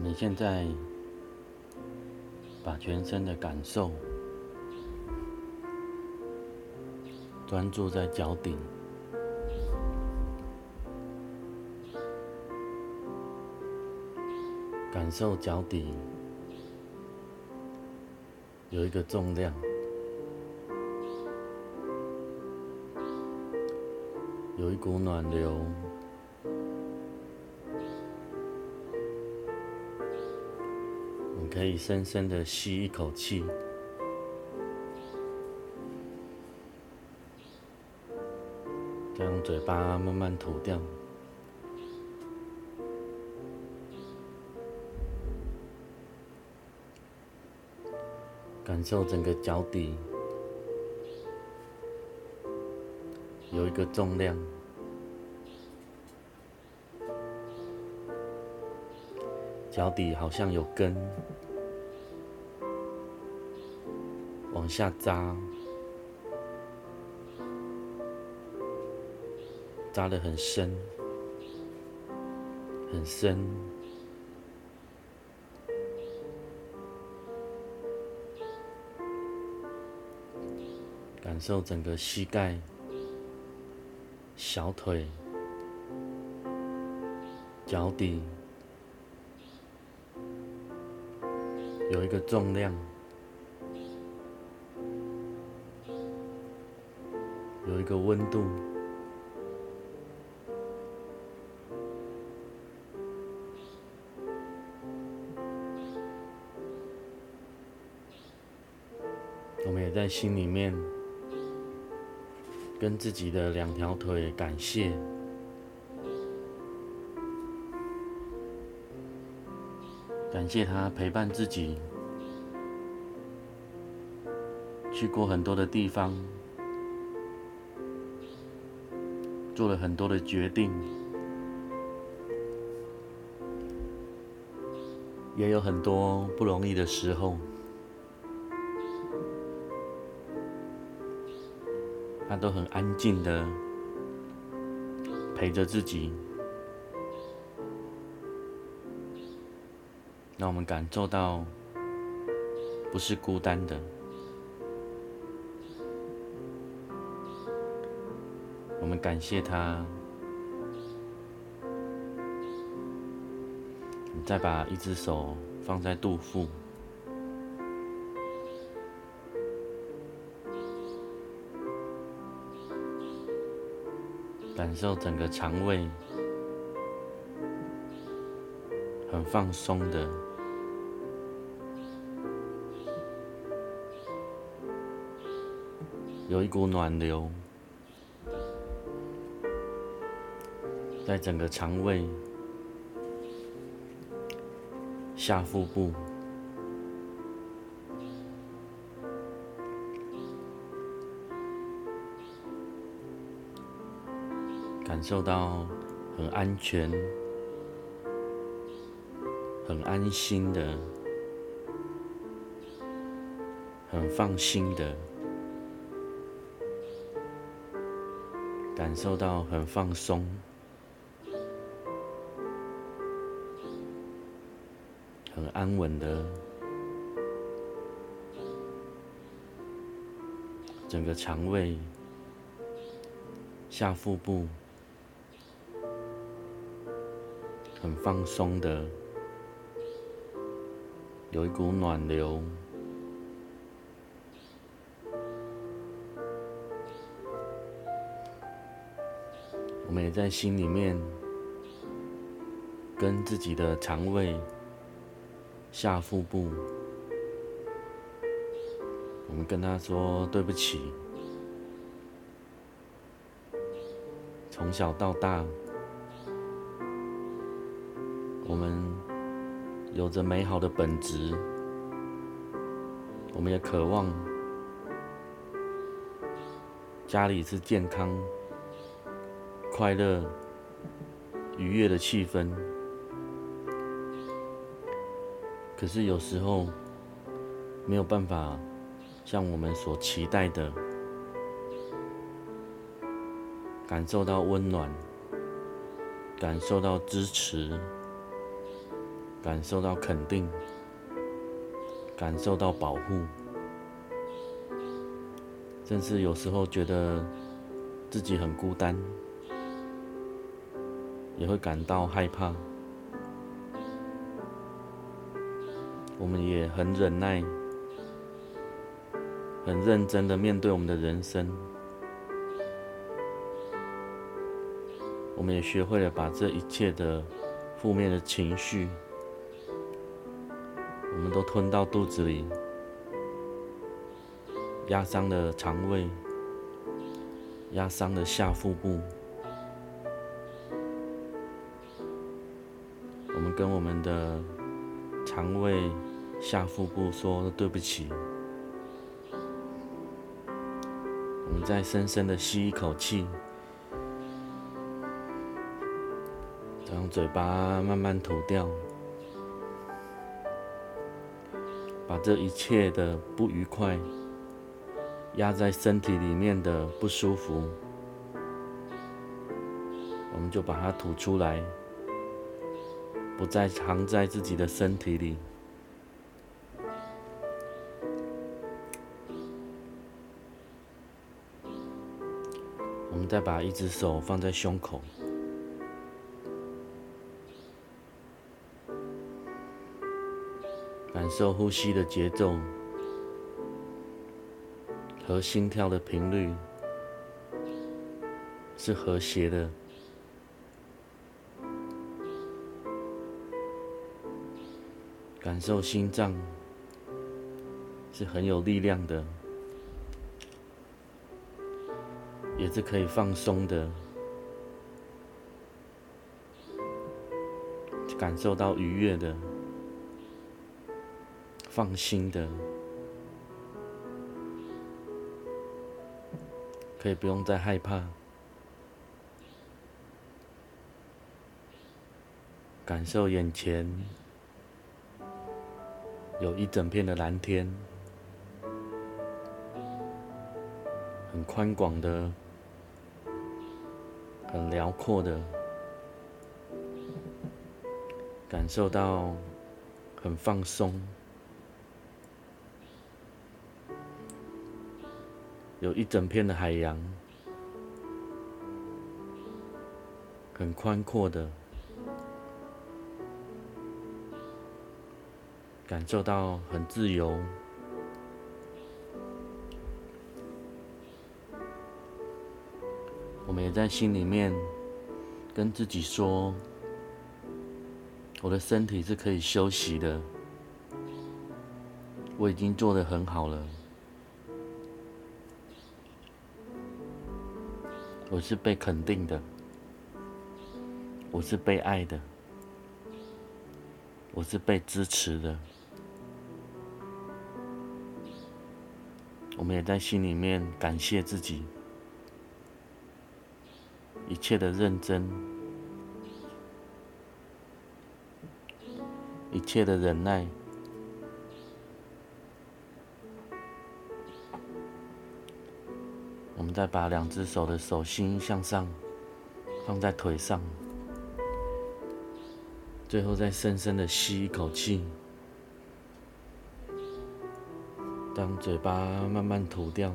你現在把全身的感受專注在腳底，感受腳底有一個重量，有一股暖流。可以深深的吸一口氣，再用嘴巴慢慢吐掉，感受整個腳底有一個重量，腳底好像有根。往下紮，紮得很深，很深，感受整個膝蓋、小腿、腳底有一個重量。有一個溫度，我們也在心裡面跟自己的兩條腿感謝，感謝他陪伴自己去過很多的地方。做了很多的決定，也有很多不容易的時候，他都很安靜的陪着自己，讓我們感受到不是孤單的。我們感謝他。你再把一只手放在肚腹，感受整個腸胃很放鬆的，有一股暖流。在整個腸胃、下腹部，感受到很安全、很安心的、很放心的，感受到很放鬆。很安穩的，整個腸胃、下腹部很放鬆的，有一股暖流。我們也在心裡面跟自己的腸胃。下腹部，我們跟他說對不起。從小到大，我們有着美好的本質，我們也渴望家裡是健康、快樂、愉悅的氣氛。可是有時候沒有辦法像我們所期待的，感受到溫暖，感受到支持，感受到肯定，感受到保護，甚至有時候覺得自己很孤單，也會感到害怕。我們也很忍耐，很認真地面對我們的人生。我們也學會了把這一切的負面的情緒，我們都吞到肚子裡，壓傷了腸胃，壓傷了下腹部。我們跟我們的。腸胃、下腹部，說對不起。我們再深深的吸一口氣，再用嘴巴慢慢吐掉，把這一切的不愉快、壓在身體裡面的不舒服，我們就把它吐出來。不再藏在自己的身體裡。我們再把一只手放在胸口，感受呼吸的節奏和心跳的頻率是和諧的。感受心臟是很有力量的，也是可以放鬆的，感受到愉悅的，放心的，可以不用再害怕，感受眼前。有一整片的藍天，很寬廣的，很遼闊的，感受到很放鬆。有一整片的海洋，很寬闊的。感受到很自由，我們也在心裡面跟自己說：“我的身體是可以休息的，我已經做得很好了，我是被肯定的，我是被愛的，我是被支持的。”我們也在心裡面感謝自己，一切的認真，一切的忍耐。我們再把兩隻手的手心向上，放在腿上，最後再深深的吸一口氣。讓嘴巴慢慢吐掉。